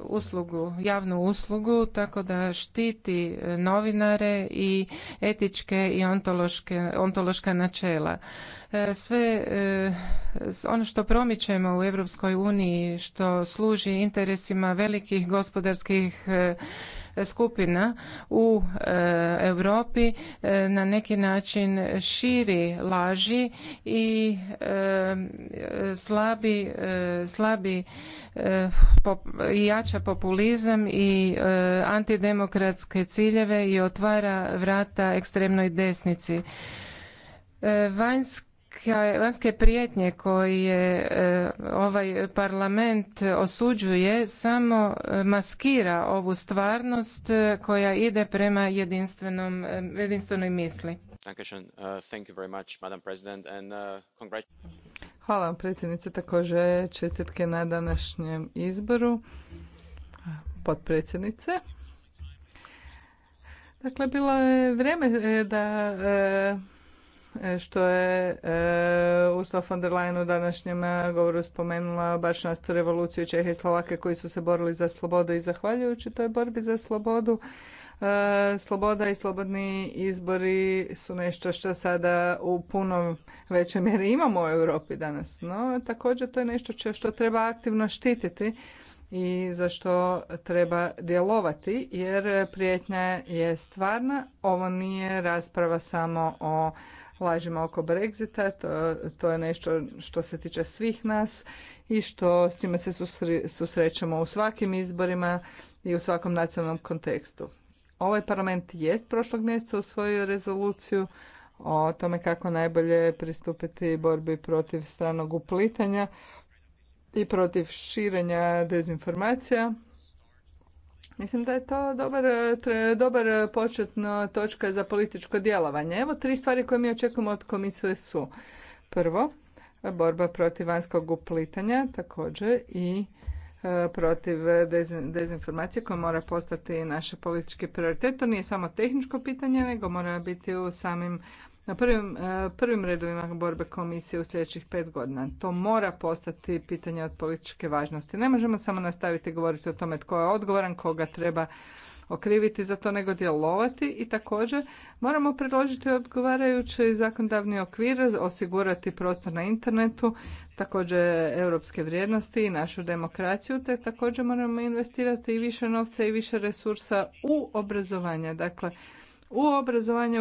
uslugu, javnu uslugu, tako da štiti e, novinare i etičke i ontološke, ontološka načela. E, sve e, ono što promičemo u Europskoj uniji, što služi interesima velikih gospodarskih skupina u e, Europi e, na neki način širi laži i e, slabi, slabi i jača populizam i antidemokratske ciljeve i otvara vrata ekstremnoj desnici. Vanjski vanjske prijetnje koje e, ovaj parlament osuđuje samo e, maskira ovu stvarnost e, koja ide prema jedinstvenoj misli. Uh, uh, Hvala vam predsjednice, također čestitke na današnjem izboru potpredsjednice. Dakle, bilo je vrijeme da E, što je e, ustva von der Leyen u današnjem e, govoru spomenula baš nas revoluciju Čehe i Slovake koji su se borili za slobodu i zahvaljujući toj borbi za slobodu sloboda i slobodni izbori su nešto što sada u puno većoj mjeri imamo u Europi danas. No, također to je nešto što treba aktivno štititi i za što treba djelovati jer prijetnja je stvarna. Ovo nije rasprava samo o lažima oko Brexita, to, je nešto što se tiče svih nas i što s čime se susrećemo u svakim izborima i u svakom nacionalnom kontekstu. Ovaj parlament je prošlog mjeseca usvojio rezoluciju o tome kako najbolje pristupiti borbi protiv stranog uplitanja i protiv širenja dezinformacija Mislim da je to dobar, dobar početna točka za političko djelovanje. Evo tri stvari koje mi očekujemo od komisije su. Prvo, borba protiv vanjskog uplitanja također i e, protiv dezinformacije koja mora postati naš politički prioritet. To nije samo tehničko pitanje, nego mora biti u samim na prvim, e, prvim redovima borbe komisije u sljedećih pet godina. To mora postati pitanje od političke važnosti. Ne možemo samo nastaviti govoriti o tome tko je odgovoran, koga treba okriviti za to nego djelovati i također moramo predložiti odgovarajući zakonodavni okvir, osigurati prostor na internetu, također europske vrijednosti i našu demokraciju, te također moramo investirati i više novca i više resursa u obrazovanje. Dakle, u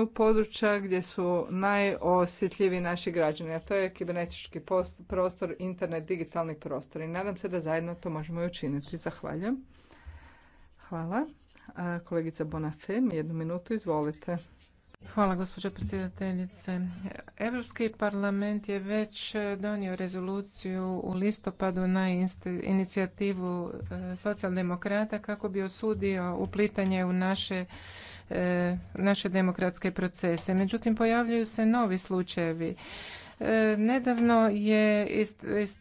u područja gdje su najosjetljiviji naši građani, a to je kibernetički prostor, internet, digitalni prostor. I nadam se da zajedno to možemo i učiniti. Zahvaljujem. Hvala. kolegica jednu minutu, izvolite. Hvala gospođo predsjedateljice. Europski parlament je već donio rezoluciju u listopadu na inicijativu e, socijaldemokrata kako bi osudio uplitanje u naše E, naše demokratske procese. Međutim, pojavljuju se novi slučajevi Nedavno je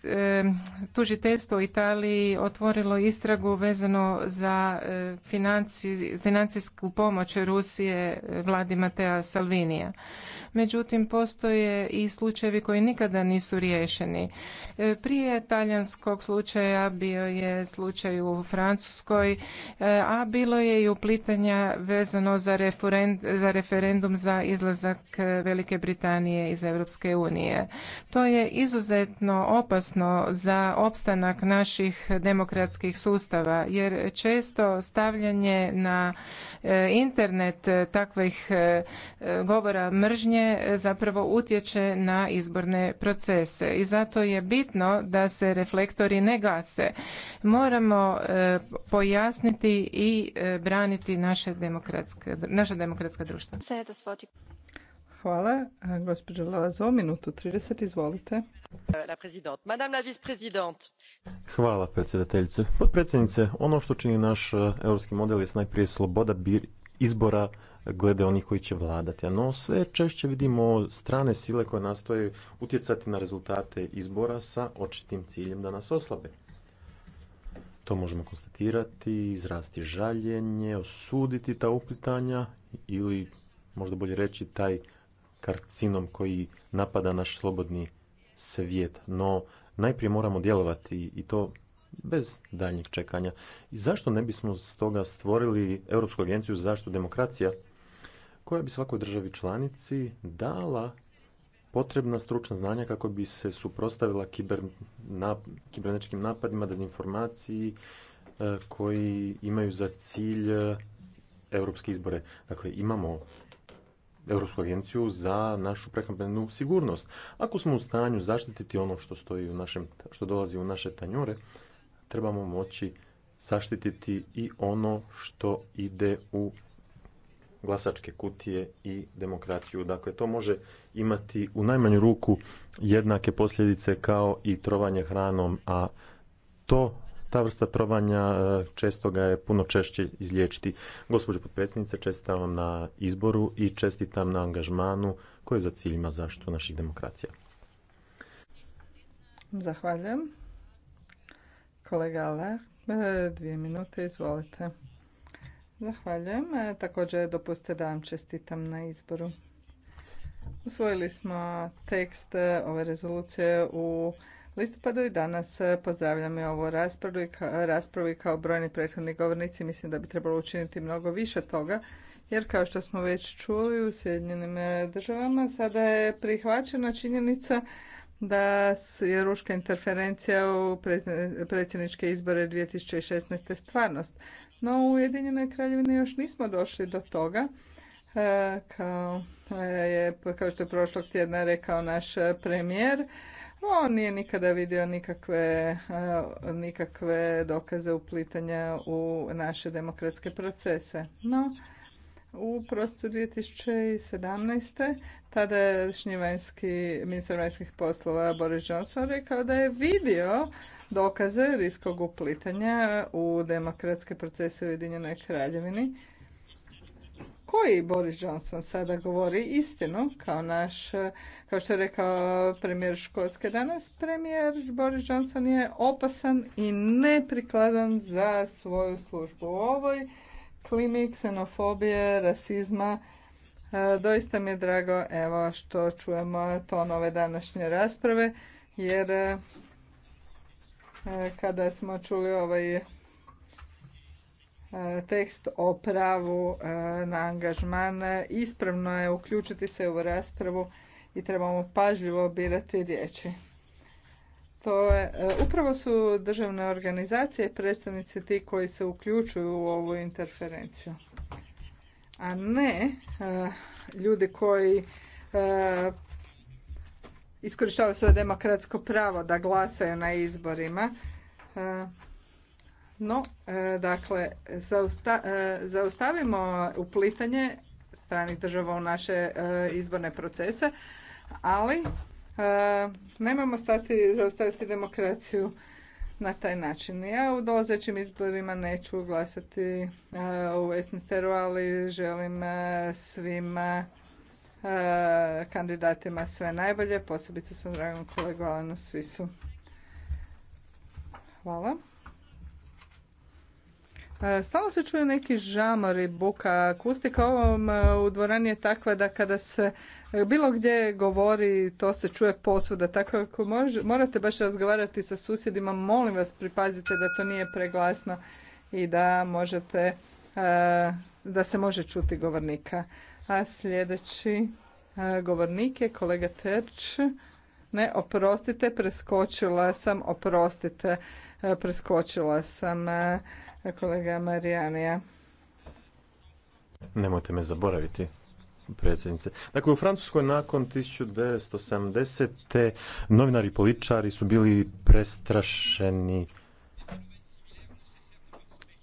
e, tužiteljstvo u Italiji otvorilo istragu vezano za e, financijsku pomoć Rusije e, vladi Matea Salvinija. Međutim, postoje i slučajevi koji nikada nisu riješeni. Prije talijanskog slučaja bio je slučaj u Francuskoj, a bilo je i uplitanja vezano za referendum za izlazak Velike Britanije iz Europske unije unije. To je izuzetno opasno za opstanak naših demokratskih sustava jer često stavljanje na e, internet e, takvih e, govora mržnje zapravo utječe na izborne procese i zato je bitno da se reflektori ne gase. Moramo pojasniti i braniti naše naša demokratska društva. Hvala. Gospođa Lazo, minutu 30, izvolite. Hvala predsjedateljice. Potpredsjednice, ono što čini naš europski model je najprije sloboda izbora glede onih koji će vladati. No sve češće vidimo strane sile koje nastoje utjecati na rezultate izbora sa očitim ciljem da nas oslabe. To možemo konstatirati, izrasti žaljenje, osuditi ta uplitanja ili možda bolje reći taj karcinom koji napada naš slobodni svijet. No, najprije moramo djelovati i to bez daljnjeg čekanja. I zašto ne bismo stoga stvorili Europsku agenciju za zaštitu demokracija koja bi svakoj državi članici dala potrebna stručna znanja kako bi se suprotstavila kiber, kibernetičkim napadima, dezinformaciji e, koji imaju za cilj e, europske izbore. Dakle, imamo Europsku agenciju za našu prehrambenu sigurnost. Ako smo u stanju zaštititi ono što stoji u našem, što dolazi u naše tanjure, trebamo moći zaštititi i ono što ide u glasačke kutije i demokraciju. Dakle, to može imati u najmanju ruku jednake posljedice kao i trovanje hranom, a to ta vrsta trovanja e, često ga je puno češće izliječiti. Gospođo potpredsjednice, čestitam vam na izboru i čestitam na angažmanu koji je za ciljima zaštitu naših demokracija. Zahvaljujem. Kolega Aler, e, dvije minute, izvolite. Zahvaljujem. E, također dopustite da vam čestitam na izboru. Usvojili smo tekst ove rezolucije u listopadu i danas e, pozdravljam i ovu raspravu i, raspravu i kao brojni prethodni govornici mislim da bi trebalo učiniti mnogo više toga jer kao što smo već čuli u Sjedinjenim e, državama sada je prihvaćena činjenica da je ruška interferencija u predsjedničke izbore 2016. stvarnost. No u Ujedinjenoj kraljevini još nismo došli do toga. E, kao, je, kao što je prošlog tjedna rekao naš premijer, on nije nikada vidio nikakve, eh, nikakve dokaze uplitanja u naše demokratske procese. No, u prostoru 2017. tada je vanjski, ministar vanjskih poslova Boris Johnson rekao da je vidio dokaze riskog uplitanja u demokratske procese u Ujedinjenoj Kraljevini koji Boris Johnson sada govori istinu, kao naš, kao što je rekao premijer Škotske danas, premijer Boris Johnson je opasan i neprikladan za svoju službu. U ovoj klimi ksenofobije, rasizma, e, doista mi je drago evo što čujemo tonove današnje rasprave, jer e, e, kada smo čuli ovaj E, tekst o pravu e, na angažman. Ispravno je uključiti se u raspravu i trebamo pažljivo birati riječi. To je, e, upravo su državne organizacije i predstavnici ti koji se uključuju u ovu interferenciju. A ne ljudi koji iskorištavaju svoje demokratsko pravo da glasaju na izborima no, e, dakle, e, zaustavimo uplitanje stranih država u naše e, izborne procese, ali nemojmo stati, zaustaviti demokraciju na taj način. Ja u dolazećim izborima neću glasati u Westminsteru, ali želim svim kandidatima sve najbolje, posebice sam, dragom kolegu svi Svisu. Hvala. E, stalno se čuje neki žamor i buka. Akustika ovom e, u dvorani je takva da kada se e, bilo gdje govori, to se čuje posuda. Tako ako morate baš razgovarati sa susjedima, molim vas pripazite da to nije preglasno i da možete da se može čuti govornika. A sljedeći govornik je kolega Terč. Ne, oprostite, preskočila sam, oprostite, preskočila sam kolega Marijanija. Nemojte me zaboraviti predsjednice. Dakle, u Francuskoj nakon 1970. novinari i političari su bili prestrašeni.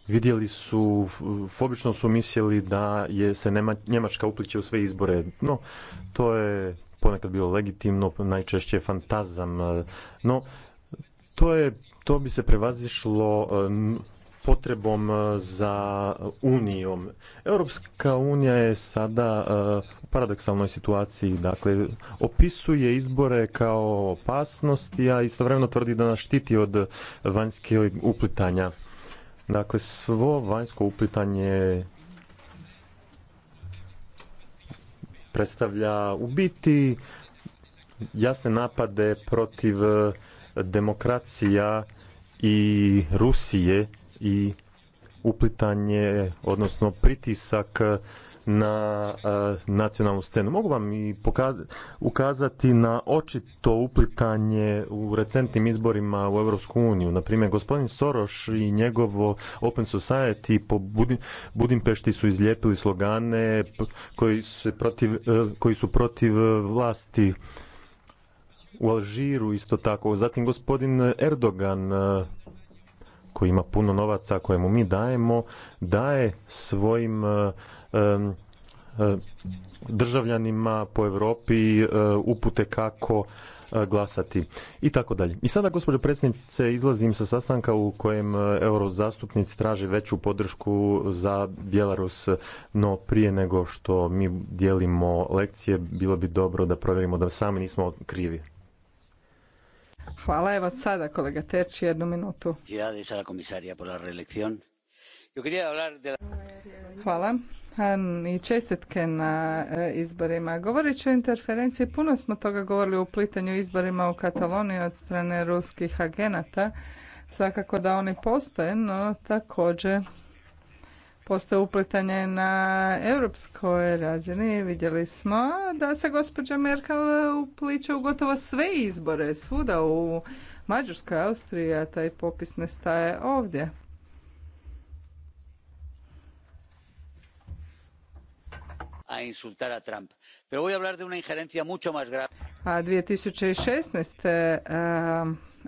Vidjeli su, fobično su mislili da je se Njemačka upliče u sve izbore. No, to je ponekad bilo legitimno, najčešće fantazam. No, to je to bi se prevazišlo potrebom e, za unijom. Europska unija je sada e, u paradoksalnoj situaciji, dakle opisuje izbore kao opasnost, a istovremeno tvrdi da nas štiti od vanjskih uplitanja. Dakle, svo vanjsko uplitanje predstavlja u biti jasne napade protiv e, demokracija i Rusije i uplitanje, odnosno pritisak na e, nacionalnu scenu. Mogu vam i ukazati na očito uplitanje u recentnim izborima u Europsku uniju. Naprimjer, gospodin Soroš i njegovo Open Society po Budimpešti su izlijepili slogane koji su protiv, e, koji su protiv vlasti u Alžiru isto tako. Zatim gospodin Erdogan e, koji ima puno novaca kojemu mi dajemo, daje svojim e, e, e, državljanima po Europi upute kako glasati i tako dalje. I sada, gospođo predsjednice, izlazim sa sastanka u kojem eurozastupnici traže veću podršku za Bjelarus, no prije nego što mi dijelimo lekcije, bilo bi dobro da provjerimo da sami nismo krivi. Hvala. Evo sada, kolega Terči, jednu minutu. Hvala i čestitke na e, izborima. Govoreći o interferenciji, puno smo toga govorili u plitanju izborima u Kataloniji od strane ruskih agenata. Svakako da oni postoje, no također postoje uplitanje na europskoj razini. Vidjeli smo da se gospođa Merkel upliče u gotovo sve izbore, svuda u Mađarskoj, Austriji, a taj popis ne staje ovdje. a insultar a Trump. Pero voy a hablar de una injerencia mucho más grave. A 2016. Uh,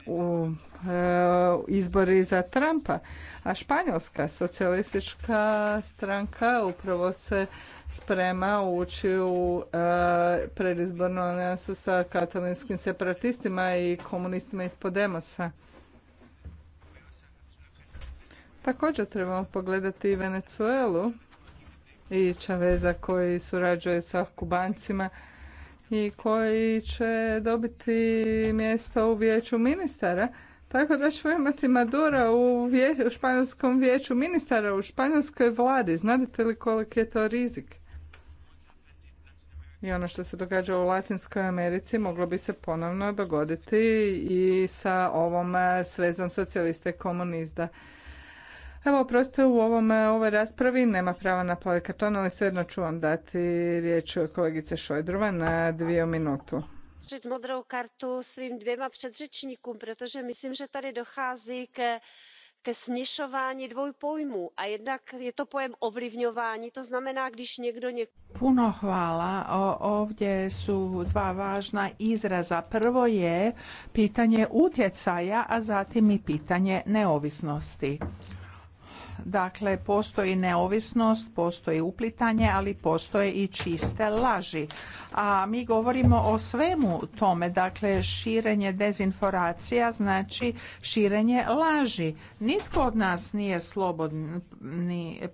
u E, izbori za Trumpa. A španjolska socijalistička stranka upravo se sprema ući u e, predizbornu alijansu sa katalinskim separatistima i komunistima iz Podemosa. Također trebamo pogledati i Venecuelu i Čaveza koji surađuje sa Kubancima i koji će dobiti mjesto u vijeću ministara tako da ćemo imati Madura u, u španjolskom vijeću ministara, u španjolskoj vladi. Znate li koliko je to rizik? I ono što se događa u Latinskoj Americi moglo bi se ponovno dogoditi i sa ovom e, svezom socijaliste i komunista. Evo, prosto u ovom, e, ovoj raspravi nema prava na plavi karton, ali svejedno ću vam dati riječ kolegice Šojdrova na dvije minutu modra modrou kartu svým dvěma předřečníkům protože myslím že tady dochází ke směšování dvou pojmů a jednak je to pojem ovlivňování to znamená když někdo Puno hvala. Ovdje su dva važna izraza. Prvo je pitanje utjecaja, a zatim i pitanje neovisnosti. Dakle, postoji neovisnost, postoji uplitanje, ali postoje i čiste laži. A mi govorimo o svemu tome, dakle širenje dezinformacija znači širenje laži. Nitko od nas nije slobodni,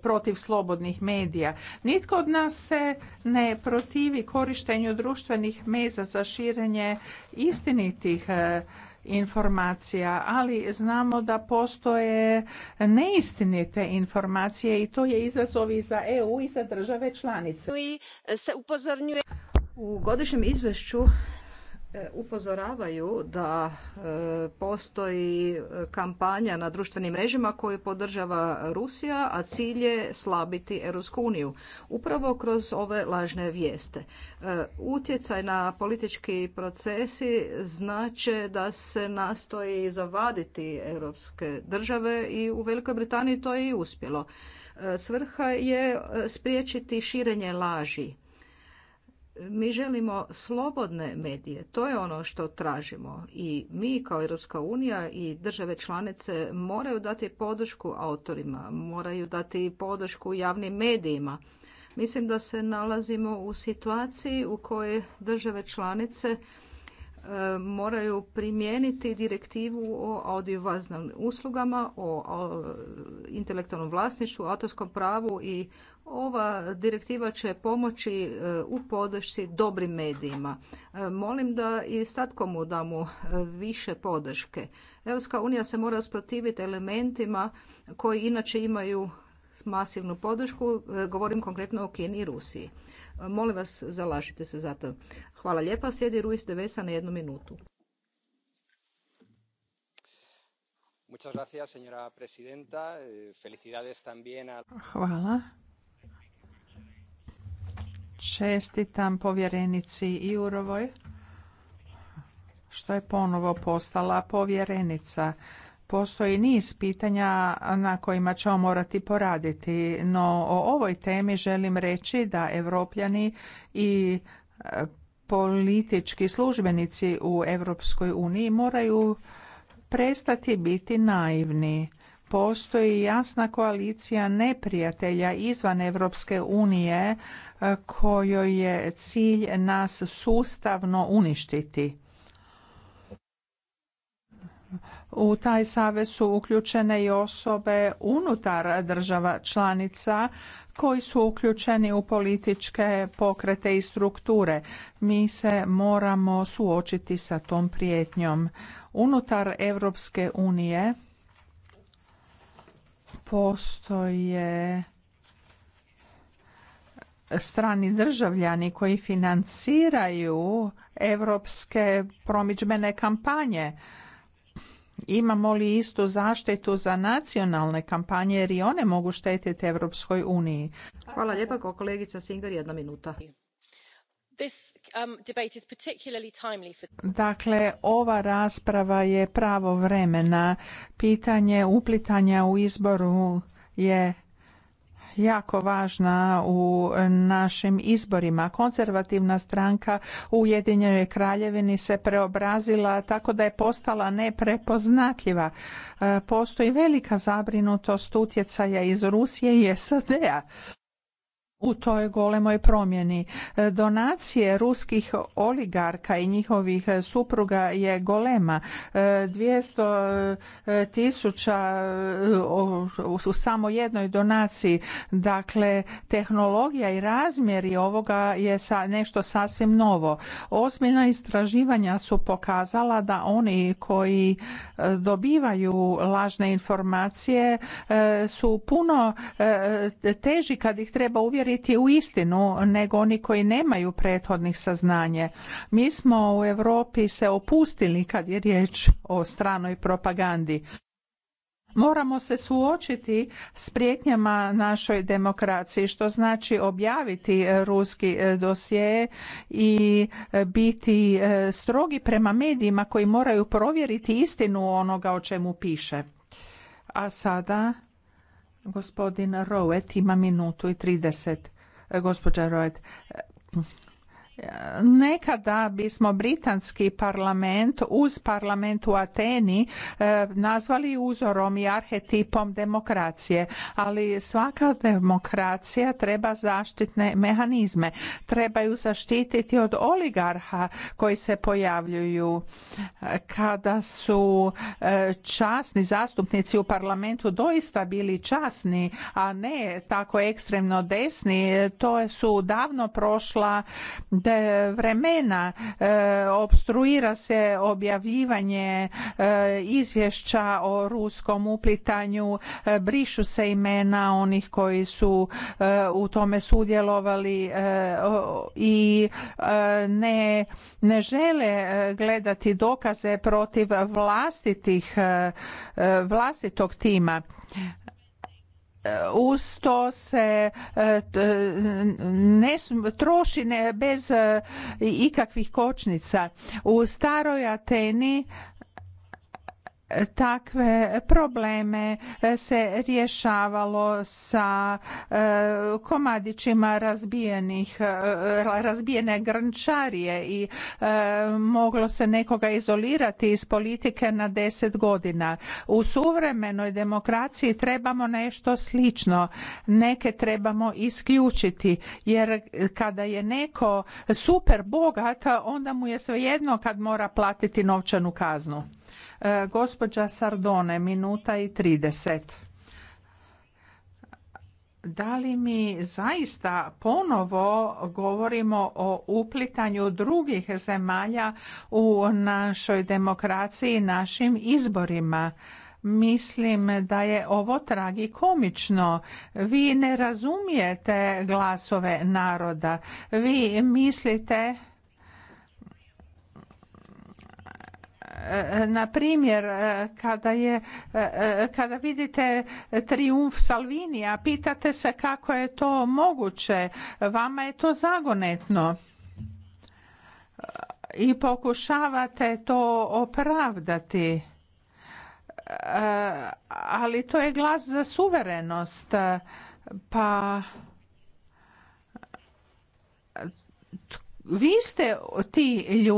protiv slobodnih medija. Nitko od nas se ne protivi korištenju društvenih meza za širenje istinitih eh, informacija, ali znamo da postoje neistinite informacije i to je izazov i za EU i za države članice. U godišnjem izvješću E, upozoravaju da e, postoji kampanja na društvenim mrežama koju podržava Rusija, a cilj je slabiti Europsku uniju. Upravo kroz ove lažne vijeste. E, utjecaj na politički procesi znače da se nastoji zavaditi europske države i u Velikoj Britaniji to je i uspjelo. Svrha je spriječiti širenje laži mi želimo slobodne medije, to je ono što tražimo i mi kao Europska unija i države članice moraju dati podršku autorima, moraju dati podršku javnim medijima. Mislim da se nalazimo u situaciji u kojoj države članice moraju primijeniti direktivu o audiovaznim uslugama, o intelektualnom vlasništvu, autorskom pravu i ova direktiva će pomoći e, u podršci dobrim medijima. E, molim da i komu damo e, više podrške. Europska unija se mora usprotiviti elementima koji inače imaju masivnu podršku, e, govorim konkretno o Kini i Rusiji. E, molim vas, zalažite se za to. Hvala lijepa, sjedi Ruiz vesa na jednu minutu. E, Hvala. Čestitam povjerenici Jurovoj što je ponovo postala povjerenica postoji niz pitanja na kojima ćemo morati poraditi, no o ovoj temi želim reći da Evropljani i e, politički službenici u Europskoj uniji moraju prestati biti naivni. Postoji jasna koalicija neprijatelja izvan Europske unije e, kojoj je cilj nas sustavno uništiti. U taj savez su uključene i osobe unutar država članica koji su uključeni u političke pokrete i strukture. Mi se moramo suočiti sa tom prijetnjom. Unutar Europske unije postoje strani državljani koji financiraju europske promidžbene kampanje Imamo li istu zaštitu za nacionalne kampanje jer i one mogu štetiti Europskoj uniji? Hvala lijepa, kolegica Singer, jedna minuta. Um, dakle, ova rasprava je pravo vremena. Pitanje uplitanja u izboru je jako važna u našim izborima. Konzervativna stranka u Ujedinjenoj Kraljevini se preobrazila tako da je postala neprepoznatljiva. E, postoji velika zabrinutost utjecaja iz Rusije i SAD-a u toj golemoj promjeni. E, donacije ruskih oligarka i njihovih supruga je golema. 200 e, e, tisuća u samo jednoj donaciji. Dakle, tehnologija i razmjeri ovoga je nešto sasvim novo. Ozbiljna istraživanja su pokazala da oni koji dobivaju lažne informacije su puno teži kad ih treba uvjeriti vjeriti u istinu nego oni koji nemaju prethodnih saznanja. Mi smo u Europi se opustili kad je riječ o stranoj propagandi. Moramo se suočiti s prijetnjama našoj demokraciji, što znači objaviti ruski e, dosje i e, biti e, strogi prema medijima koji moraju provjeriti istinu onoga o čemu piše. A sada Gospodin Rowet ima minutu i 30. Gospođa Roet. Nekada bismo britanski parlament uz parlament u Ateni e, nazvali uzorom i arhetipom demokracije, ali svaka demokracija treba zaštitne mehanizme. Trebaju zaštititi od oligarha koji se pojavljuju kada su e, časni zastupnici u parlamentu doista bili časni, a ne tako ekstremno desni. To su davno prošla vremena e, obstruira se objavljivanje e, izvješća o ruskom uplitanju e, brišu se imena onih koji su u tome sudjelovali i ne, žele gledati dokaze protiv vlastitih vlastitog tima uz to se e, ne troši bez e, ikakvih kočnica. U staroj Ateni takve probleme e, se rješavalo sa e, komadićima razbijenih e, razbijene grnčarije i moglo se nekoga izolirati iz politike na deset godina. U suvremenoj demokraciji trebamo nešto slično. Neke trebamo isključiti jer kada je neko super bogat onda mu je svejedno kad mora platiti novčanu kaznu. E, gospođa Sardone, minuta i 30. Da li mi zaista ponovo govorimo o uplitanju drugih zemalja u našoj demokraciji i našim izborima? Mislim da je ovo tragikomično. Vi ne razumijete glasove naroda. Vi mislite Na primjer, e, kada, je, e, e, kada vidite triumf Salvinija, pitate se kako je to moguće. Vama je to zagonetno i pokušavate to opravdati. Ali to je glas za suverenost. Pa vi ste ti ljudi